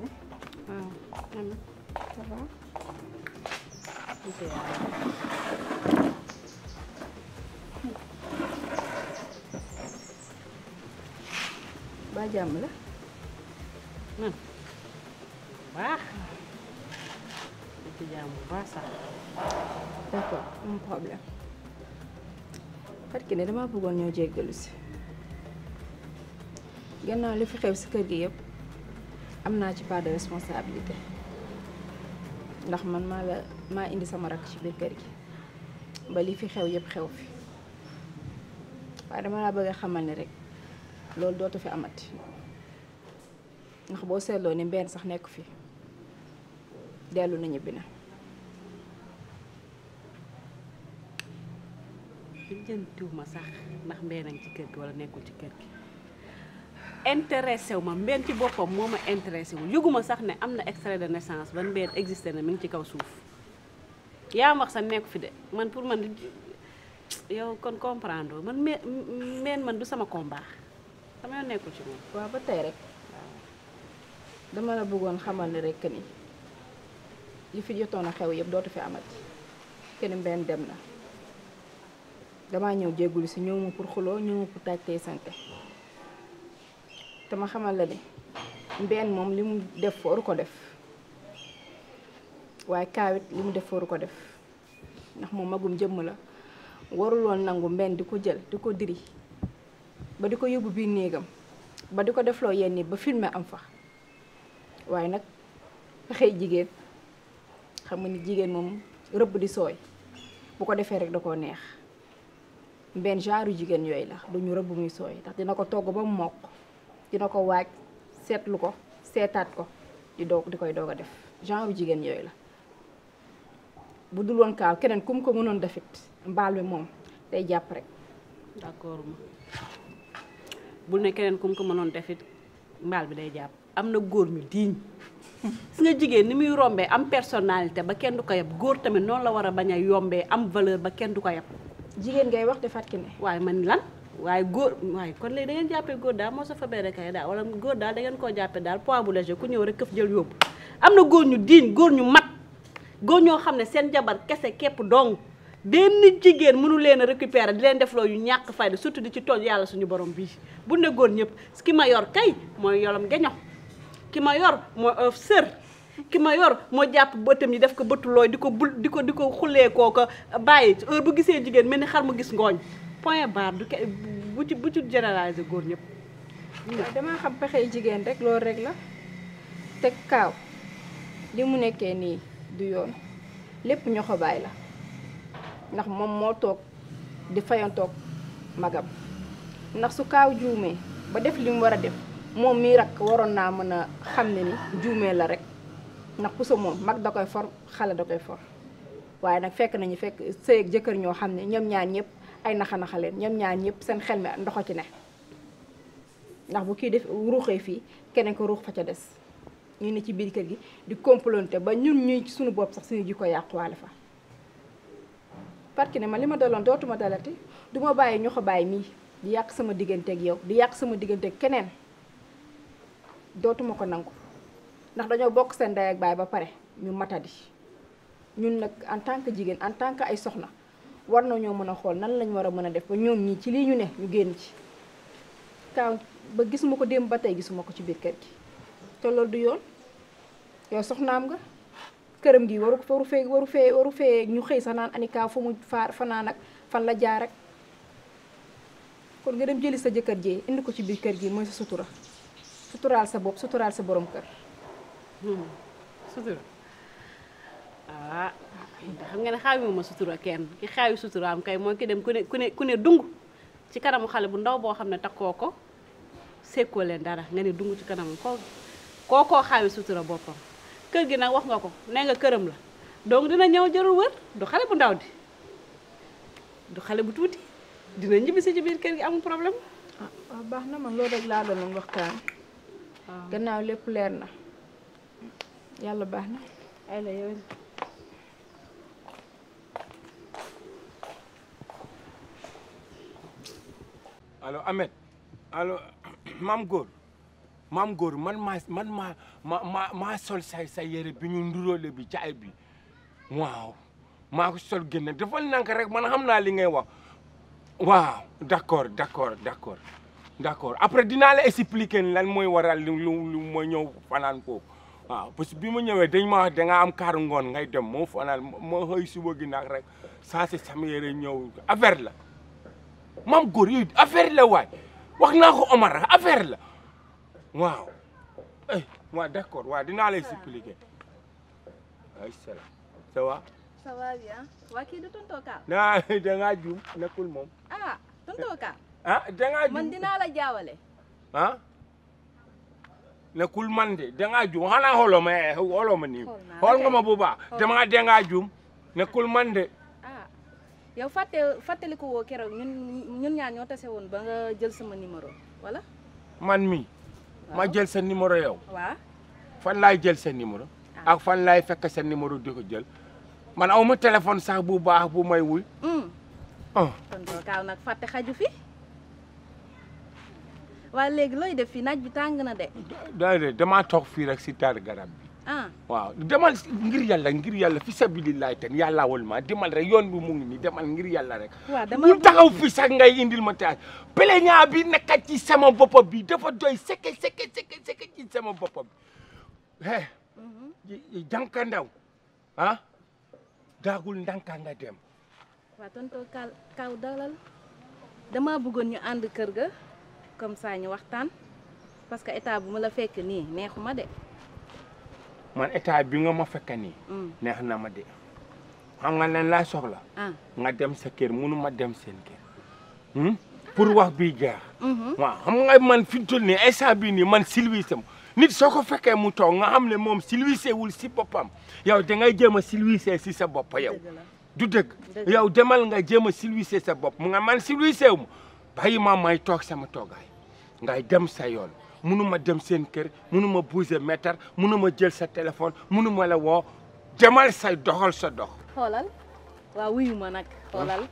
waaw Nana ça va. ba jàmm la. man baax. ci jàmm bu baax sax. d'accord am problème. parce que damaa bëggoon ñoo jéggalu si. gannaaw li fi xew si kër gi yëpp. am naa ci part de responsabilité ndax man maa la maa indi sama rakk ci biir kër gi ba li fi xew yépp xew fi waaye dama laa bëgg a xamal ni rek loolu dootu fi amati ndax boo seetloo ni mbenn sax nekk fi dellu na ñibbi na. jëntiwuma sax ndax mbeenam ci kër gi wala nekkul ci kër gi. intéressé wu ma mbeen ci boppam moo ma intéressé wu yëguma sax ne am na extrait de naissance ban mbeen existé na mu ngi ci kaw suuf yaa wax sa nekk fi de man pour man yow kon comprendre man mbeen man du sama combat sama yoon nekkul ci moom. waaw ba tey rek dama la bëggoon xamal ne rek ni li fi jotoon a xew yëpp dootu fi amat kenn mbeen dem na damaa ñëw jéggulu si ñëw ma pour xuloo ñëw ma pour taaj tey santé dama ma xamal la ne mbeen moom li mu def fooru ko def waaye kaawit li mu def fooru ko def ndax moom magum jëmm la waruloon nangu mbenn di ko jël di ko diri ba di ko yóbbu biir néegam ba di ko defloo yenn ba filme am fa waaye nag fexey jigéen xam nga ni jigéen moom rëbb di sooy bu ko defee rek da koo neex mbenn genre jigéen yooyu la ñu rëbb muy sooy ndax dina ko togg ba mu mokk dina ko waaj seetlu ko seetaat ko di doog di koy doog a def genre jigéen yooyu la bu dul woon kaaw keneen ku ko mënoon defit mbaal mi moom day jàpp rek d'accord ma bul ne keneen ku mënoon defit mbaal bi day jàpp am na góor ñu diiñ su nga jigéen ni muy rombee am personnalité ba kenn du ko yab góor tamit noonu la war a bañ a yombee am valeur ba kenn du ko yab jigéen ngay wax defaat ki ne waaye man lan waaye góor waaye kon léegi da ngeen jàppee góor daal moo sa fa benn kay daal wala góor daal da ngeen koo jàppee daal poids bu léger ku ñëw rek këf jël yóbbu am na góor ñu diiñ góor ñu mat góor ñoo xam ne seen jabar kese képp dong benn jigéen mënu leen a récupérer di leen def loolu yu ñàkk fayda surtout di ci tooñ yàlla suñu borom bii bu ne góor ñëpp ki ma yor kay mooy yolam geño ki ma yor mooy ëf sër ki ma yor moo jàpp bëtam yi def ko bëtulooy di ko bul di ko di ko xullee ko bàyyi bu gisee jigéen mel ni xar mu gis ngooñ point barre du ke bu ci bu ci généraliser góor ñëpp. damaa xam pexey jigéen rek loolu rek la teg kaaw li mu nekkee nii du yoon lépp ñoxo baay la ndax moom moo toog di fayantoog magam ndax su kaaw juumee ba def li war a def moom mii rak waroon naa mën a xam ne ni juumee la rek ndax ku sa moom mag da koy for xale da koy for waaye nag fekk nañu fekk sëy ak jëkkër ñoo xam ne ñoom ñaar ñëpp. ay naxa-naxa leen ñoom ñaar ñëpp seen xel mi ndoxo ci ne ndax bu kii def ruuxee fii keneen ko ruux fa ca des ñun ne ci biir kër gi di complonté ba ñun ñuy suñu bopp sax suñu jikko yàquwaale fa parce que ne ma li ma daloon dootuma dalati du ma bàyyi ñoo bàyyi mii di yàq sama digganteeg yow di yàq sama digganteeg keneen dootuma ko nangu ndax dañoo bokk seen ndey ak baay ba pare ñu matadi ñun nag en tant que jigéen en tant que ay soxna war na ñoo mën a xool nan lañ war a mën a def ba ñoom ñii ci lii ñu ne ñu génn ci kaaw ba gisuma ko démb ba tey gisuma ko ci biir kër gi te loolu du yoon yow soxnaam nga këram gi waru waru fee waru fee ñu xëy sa naan ani fa mu faar fanaan ak fan la jaar ak kon nga dem jëli sa jëkkër jee indi ko ci biir kër gi mooy sa sutura suturaal sa bopp suturaal sa borom kër hmm. ah xam nga ne xaawi moom ma sutura kenn ki xaawi suturaam kay mooy ki dem ku ne ku ne ku ne dung ci kanamu xale bu ndaw boo xam ne koo ko sekkoo leen dara nga ne dung ci kanamu ko kookoo xaawi sutura boppam kër gi nag wax nga ko ne nga këram la donc dina ñëw jarul wër du xale bu ndaw di du xale bu tuuti dina ñibbisi ci biir kër gi amul problème ah, ah, baax na man loolu rek laa doon waxtaan ah. gannaaw lépp leer na yàlla baax na ay la yow alo Ahmed allo maam góor maam góor man maa man maa ma maa sol say say yére bi ñu nduróole bi caay bi waaw maa ko sol génne defal nank rek man am naa li ngay wax waaw d'accord d'accord d'accord d'accord après dinaa la expliquer lan mooy waral lu lu ma ñëw fanaan foofu waaw parce que bi ma ñëwee dañ ma wax da nga am kaar ngoon ngay dem moo fanaan moo xëy suba gi nag rek saa si sama yére ñëw affaire la maam góor yooyu affaire la waay wax naa ko Omar affaire la waaw eh waaw d'accord waaw dinaa lay expliquer ay salaam ça va ça waa kii du tonton Ka naa dangaa juum nekkul moom ah tonton Ka ah dangaa juum man dinaa la jaawale ah nekkul man de dangaa juum ma eh, nga ma bu baax dama dangaa juum nekkul man de yow fàtte fàttaliku woo keroog ñun ñun ñaar ñoo tase woon ba nga jël sama numéro wala. man mi ma jël sa numéro yow. waaw fan laay jël sa numéro. Ah. ak fan laay fekk sa numéro di ko jël. man aw ma téléphone sax bu baax bu may wuy. Hmm. Ah. kon loolu kaaw nag fàtte xaju fi. waaye léegi looy def fii naaj bi tàng na de. daa de damaa toog fii rek si taar garab bi. Ah. waaw demal ngir yàlla ngir yàlla fi sabilillahi ten yàlla wal ma demal rek yoon bi mu ngi nii demal ngir yàlla rek bu taxaw fi sax ngay indil ma taal plaignant bi nekk ci sama bopp bi dafa doy seke seke seke seke ci sama boppa bi he mhm. jànka ndaw ah, daagul ndànka nga dem waaw tonton kaw kaw dalal dama bëggoon ñu ànd kër ga comme saa ñu waxtaan parce que état bu ma la fekk nii neexuma de man état bi nga ma fekka nii mm. neex na ma de xam nga leen laa soxla ah. nga dem sa kër munu ma dem seen kër hmm? pour wax bi jeex mm-hmm. waaw xam nga man fi toll nii instant bii man silwiisam nit soo ko fekkee mu toog nga xam ne moom silwiise wul si boppam yow da ngay jéem a silwiise si sa bopp yow du dëgg yow demal nga jéem a sa bopp mu nga man silwiise wu ma bàyyi ma may toog sama toogaay ngay dem sa yoon mënuma dem seen kër mënuma bouger mètre mënuma jël sa téléphone mënuma la woo demal say doxal sa dox. xoolal waaw wuyu ma nag. Ah. xoolal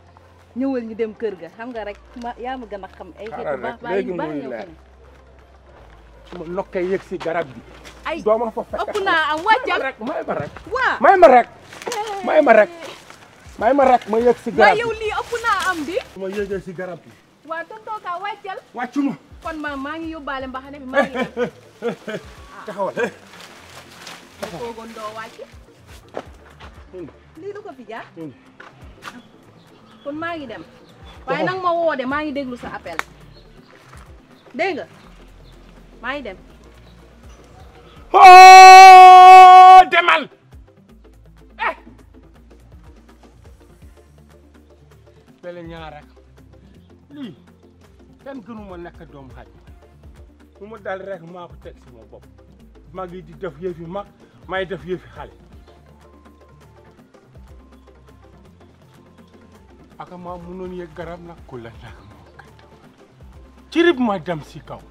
ñëwal ñu dem kër ga xam nga rek ma yaa ma gën a xam. ay xeetu baax baax nokkee yëg si garab bi. ay doo ma fa fekk ëpp am wàccal may ma rek may ma rek. may ma rek may yëg si garab di. waa tonton Ka wàccal. wàccu kon ma maa ngi yóbbaale mbaxane bi maa ngi dem. taxawal. doo wàcc. lii lu ko fi kon maa ngi dem. waaye nag ma woo maa ngi deglu sa appel. dégg nga maa ngi dem. oh demal. eh. bële ñaar kenn gënu ma nekk doomu xaj bu ma dal rek maa ko teg sama bopp mag yi di def yëfi mag may def yëfi xale aka maa mënoon yëg garab nag ku la nag moo kat cirib ma dem si kaw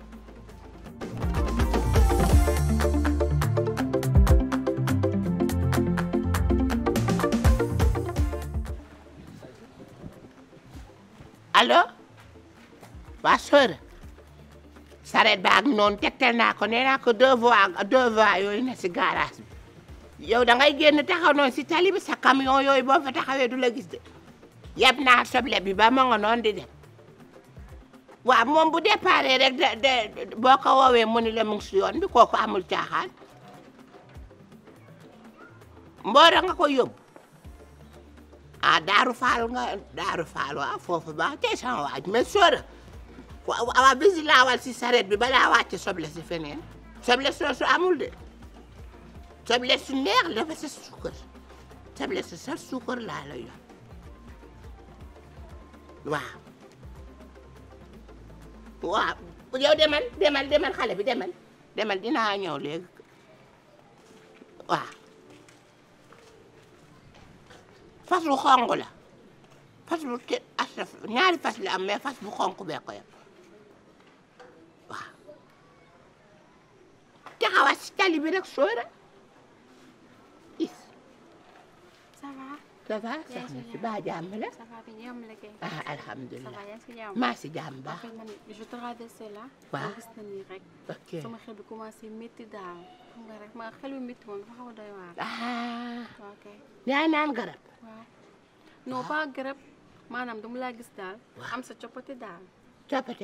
allo waa sœur sareet baag noonu tegtal naa ko nee naa ko deux voies deux voies yooyu bi yow da ngay génn taxaw noonu si tali bi sa camion yooyu boo fa taxawee du la gis de yeb naa soble bi ba ma nga di dem waaw moom bu départ rek de de boo ko mu la mu ngi si yoon bi kooku amul caaxaan mboora nga ko yóbbu ah daaru faal nga daaru faal waaw foofu baax tey sama waaj waaw waaw bisi laawal si saret bi balaa wàcce soble si feneen soble soosu amul de soble su neex dafa sa suukar soble su sa suukar laa la yor waaw waaw yow demal demal demal xale bi demal demal dinaa ñëw léegi waaw fas bu xonq fas bu te ñaari fas la am mais fas bu xonq bee ko yam taxaw si tali bi rek sóora is. ça va. ba jàmm la. ça va bi jàmm la kay. ah alhamdulilah. maa gis xel bi commencé xel bi métti woon dafa xaw a doy waar. ok. Ah. yaa naan garab. waaw daal. am sa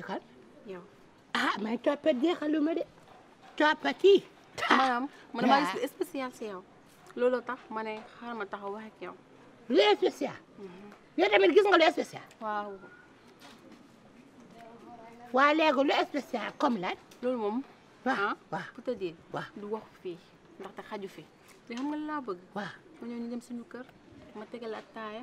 kan. yow. ah man coppite jeexaluma de. capati. maanaam ah, man maa ngi spécial si yow looloo tax ma ne xaaral ma taxaw wax ak yow. lu spécial. Mhm. yow tamit gis nga lu spécial. waaw. waa léegi lu spécial comme lan. loolu moom. waaw ah, waaw pour te dire. du wax fi ndaxte xaju fi li xam nga laa bëgg. waaw ma ñëw ñu kër. ma tegal la taaya.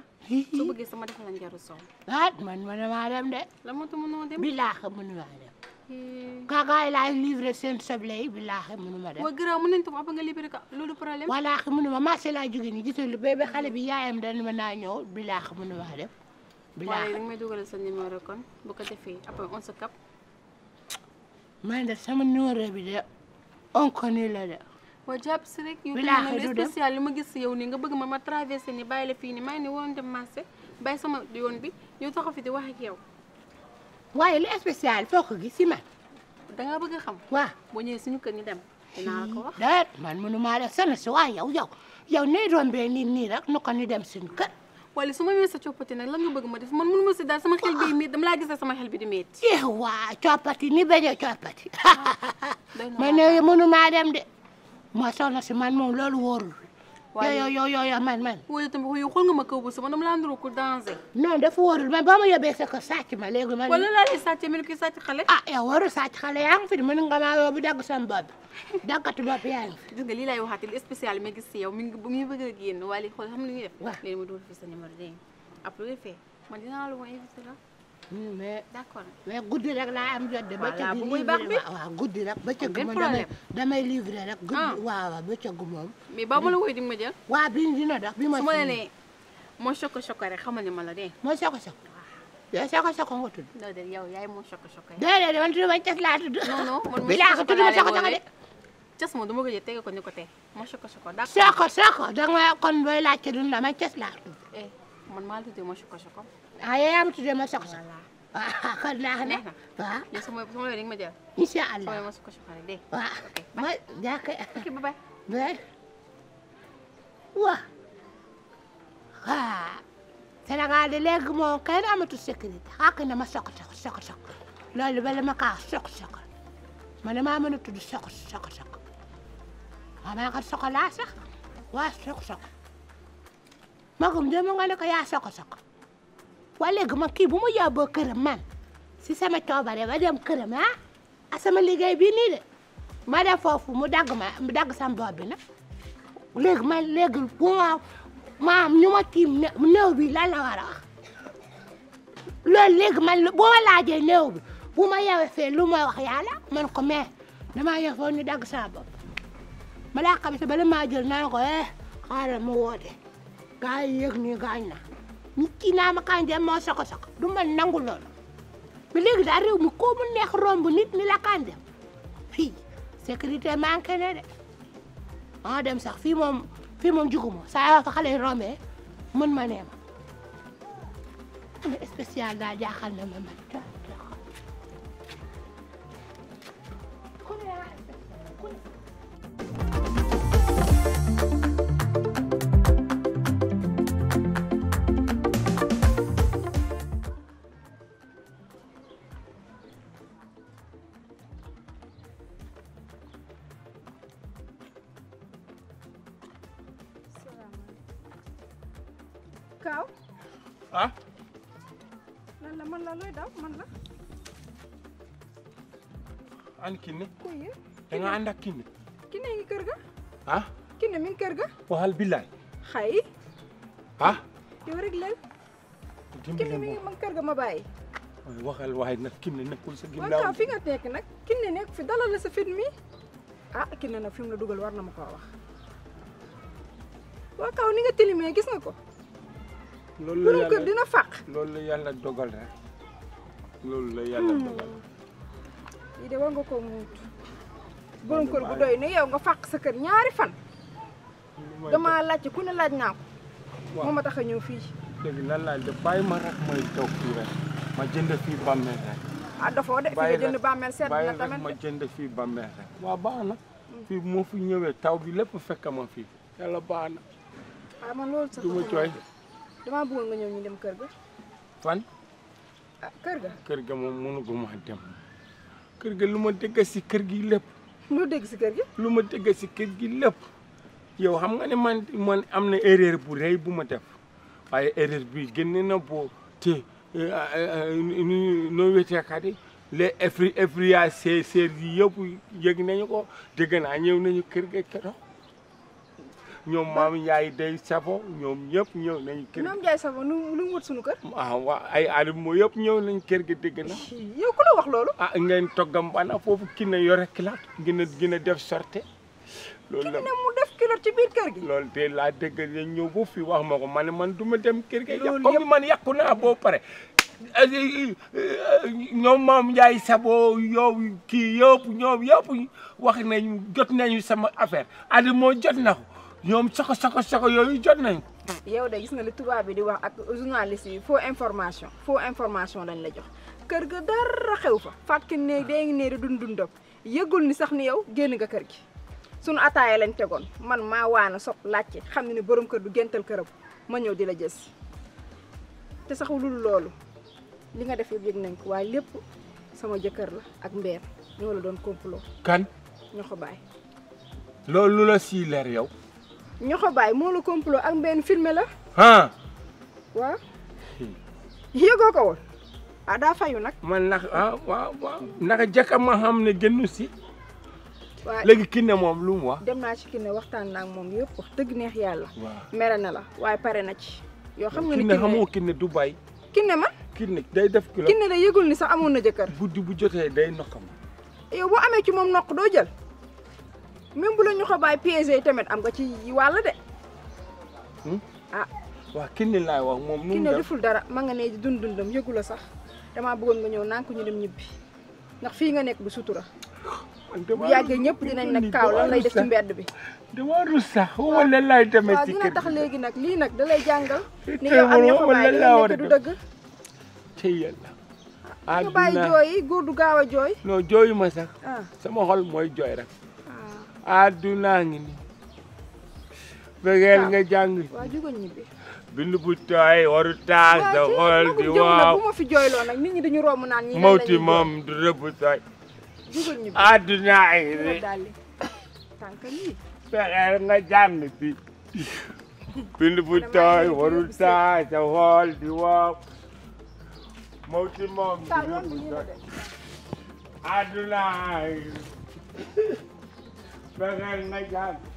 soo bëggee sama defal la njaru sow. ah man ma ne de. la moo tax mënoo dem. bilaa xam mënu maa dem. gaagaay laay livré seen soble yi billaahi mënuma dem. waaw gërëm mën nañu ko nga libéré ko loolu problème. wallaahi mënuma marché laa jógee nii gisal bébé xale bi yaayam dana mën naa ñëw billaahi mënuma ma billaahi waaye may dugalal sa de sama numéro bi de on connaît la de. waa jàpp si rek yow tamit li ma gis yow ni nga bëgg ma ma traversé nii bàyyi la fii ma maa ngi nii woon dem marché bàyyi sama yoon bi yow taxaw fi di wax ak waaye la spécial foo ko si man. da nga bëgg a xam. waa boo ñëwee suñu kër ñu dem. dinaa la ko wax déet man mënu maa def seen si waaye yow yow yow nay rombee nit nii rek nu ko ni dem suñu kër. wala su ma weesoo coppati nag lan nga bëgg ma def man mënu ma si daal sama xel bi métti laa gis sama xel bi di métti. eh waa coppati ni bañ a coppati. Ah, man ne mënu de. moo soxna si man moom loolu wóorul. waaye yow yow yow yow man man. wala tamit yow xool nga ma kaw bu sama dama laa ndur ko danger. non dafa warul man boo ma yóbbee sa ko sàcc ma léegi man. wala laa lay sàcc mel ki sàcc xale. ah yow warul sàcc xale yaa ngi fi mën nga maa yóbbu dagg sama bopp daggatu bopp yaa ngi fi. gis nga lii laay waxaat li spécial ma gis si yow mi ngi mi ngi bëgg a génn waaye xool xam nga li ñuy def. waaw léegi ma dugal fi sa numéro dégg nga après bu man dinaa la wooye si la. Hmm, mais d'accord mais guddi rek laa am jot de. voilà bu muy baax bi waaw guddi rek bëccëg moom damay damay livré rek. guddi ah. waaw waaw bëccëg moom. mais ba ma la woy di ma jël. waa bi dina dox bi ma. su ma la nee moo soko soko rek xamal ne ma la dee. moo soko soko. yow de yow yaay moo soko soko. déedéet man tudd ma cas laa moo soko soko laa lay woowee cas moom du ma ko ko moo soko soko. d'accord soko soko danga kon booy laajte duñ la man cas laa tudd. Eh, maa tudd moo soko soko. ah yaa am ma soxna. ah kon naa ne waaw. allah sama ma ko ma jaaka. ok ma soq soq soq soq loolu a tudd soq soq soq ma maa ko soqalaa sax waa waa léegi man kii bu ma yóbboo këram man si sama coobare ba dem këram ah ak sama liggéey bii de ma def foofu mu dagg ma mu dagg sama bopp bu ma maam ñu ma tiim néew bi lan la war a wax loolu léegi man bu ma laajee néew bi bu ma yeewee fee lu ma wax yàlla man ko mais damaa yeew foofu ñu dagg sama bopp ma laa xam si bala maa jël naan ko eh xaaral mu woote gaa yi yëg na kii naa ma Kandji moo soko soko du ma nangu loolu ba léegi daal mi koo mu neex romb nit ni la Kandji fii sécurité manqué ne de ma ah, dem sax fii moom fii moom juguma saa yoo fa xale yi rombee mën ma nee ma spécial daal jaaxal na ma man ma ànd ak Kiné. Kiné ngi kër ga. ah. Kiné mi ngi kër ga. waxal billaay. xay. ah. yow rek la. Kiné mi ngi man kër ga ma bàyyi. waxal waaye nag Kiné nekkul sa ginnaaw. waaw fi nga nekk nag. nekk fi dalal sa fit mi. ah Kiné nag fi la dugal war na ma koo wax. waa kaw ni nga tilimee gis nga ko. loolu la yàlla dina fàq. loolu la yàlla dogal rek. loolu hmm. de war nga koo muutu. borom kër doy ni yow nga fàq sa kër ñaari fan damaa laajte ku ne laaj naa ko moo ma tax a ñëw fii dëgg lan laaj de bàyyi ma rek may toog fii rek ma jënd fii bàmmeel rek ah de fi nga jënd bàmmeel seet fii bàmmeel rek baax na mm. fii moo fi ñëwee taw bi lépp fekk ma fii yàlla baax na waaw ah, man loolu sax du ma cooy damaa bëggoon nga ñëw ñu dem kër ga fan ah, kër ga kër ga moom dem kër ga lu ma dëgg si kër gi lépp loo dégg si kër lu ma dégg si kër gi lépp yow xam nga ne man man am na erreur bu rëy bu ma def waaye erreur bi génne na boo te eh, eh, eh, noo wetee kat yi les effri effria seer yi yëpp yëg nañu ko dégg naa ñëw nañu kër ga keroog. ñoom maam yaay day sabo ñoom ñëpp ñëw nañu kër ñoom yaay sabo mu wut ah, ay alim moo yëpp ñëw nañ kër gi dégg na yow ku la wax loolu ah ngeen toggam bana foofu ki na yore kilaat gi gina def sorte loolu mu def kilo ci biir kër gi loolu de laa dégg dañ ñëw bu fi wax ma ko ma man duma dem kër gi comme man yàqu na boo pare eh, eh, eh, ñoom maam Ndiaye Sabo yow kii yëpp ñoom yëpp wax nañu jot nañu sama affaire Aliou moo jot na ko ñoom saka saka saka yooyu jot nañ yow de gis na li tubaab bi di wax ak journaliste yi foo information foo information lañ la jox kër ga dara xew fa fàtki ne dée ngi nee di dun dundam yëgul ni sax ni yow génn nga kër gi sunu ataaya lañ tegoon man maa waana sob laajte xam ne ne borom kër du géntal këram ma ñëw di la jës te sax lul loolu li nga def yëg nañ ko waaye lépp sama jëkkër la ak mbeer ñoo la doon complot kan ñoo ko bàyyi loolu lu leer yow ñoxo baay moo la complot ak benn filmé la. ah. waaw. yëgoo ko woon. ah daa fayu nag. man nag ah waaw waaw naka jëkk ma xam ne génnu si. waaw léegi kinne moom lu mu wax. dem naa ci kinne waxtaan naa moom yëpp wax tëgg neex yàlla. waaw mere na la waaye pare na ci. yoo xam nga ni kinne xamoo kinne du bay. kinne ma kinne day def kilo. kinne day yëgul ni sax amoon na jëkkër. guddi bu jotee day nokkam. yow boo amee ci moom nokk doo jël. même bu ñu xabaay piégé tamit am nga ci wàll de. Hmm? ah. waaw kinni laay wax moom. nu mu dara ma nga ne dund dundam yëgu la sax damaa bëggoon nga ñëw nànk ñu dem ñibbi ndax fii nga nekk du sutura. bu yàggee ñëpp dinañ nag kaaw lan lay def ci mbedd bi. dama rus sax wala laay demee ci kër gi tax léegi nag lii nag dalay lay jàngal. ni nga am ñoo xabaay nekk du dëgg. te yàlla. ah dina bàyyi góor du gaaw a jooy. non jooyu ma sax. Ah. sama xol mooy jooy rek. àddunaa ngi ni bëggeel nga ah, jàng bind bu tooy waru taas sa xool di waaw mawti moom du rëbb tooy àddunaa ngi ni bëggeel nga jàng si bind bu tooy waru taas sa xool di waaw mawti moom du rëbb tooy àddunaa ngi ni bëggal ma jàmm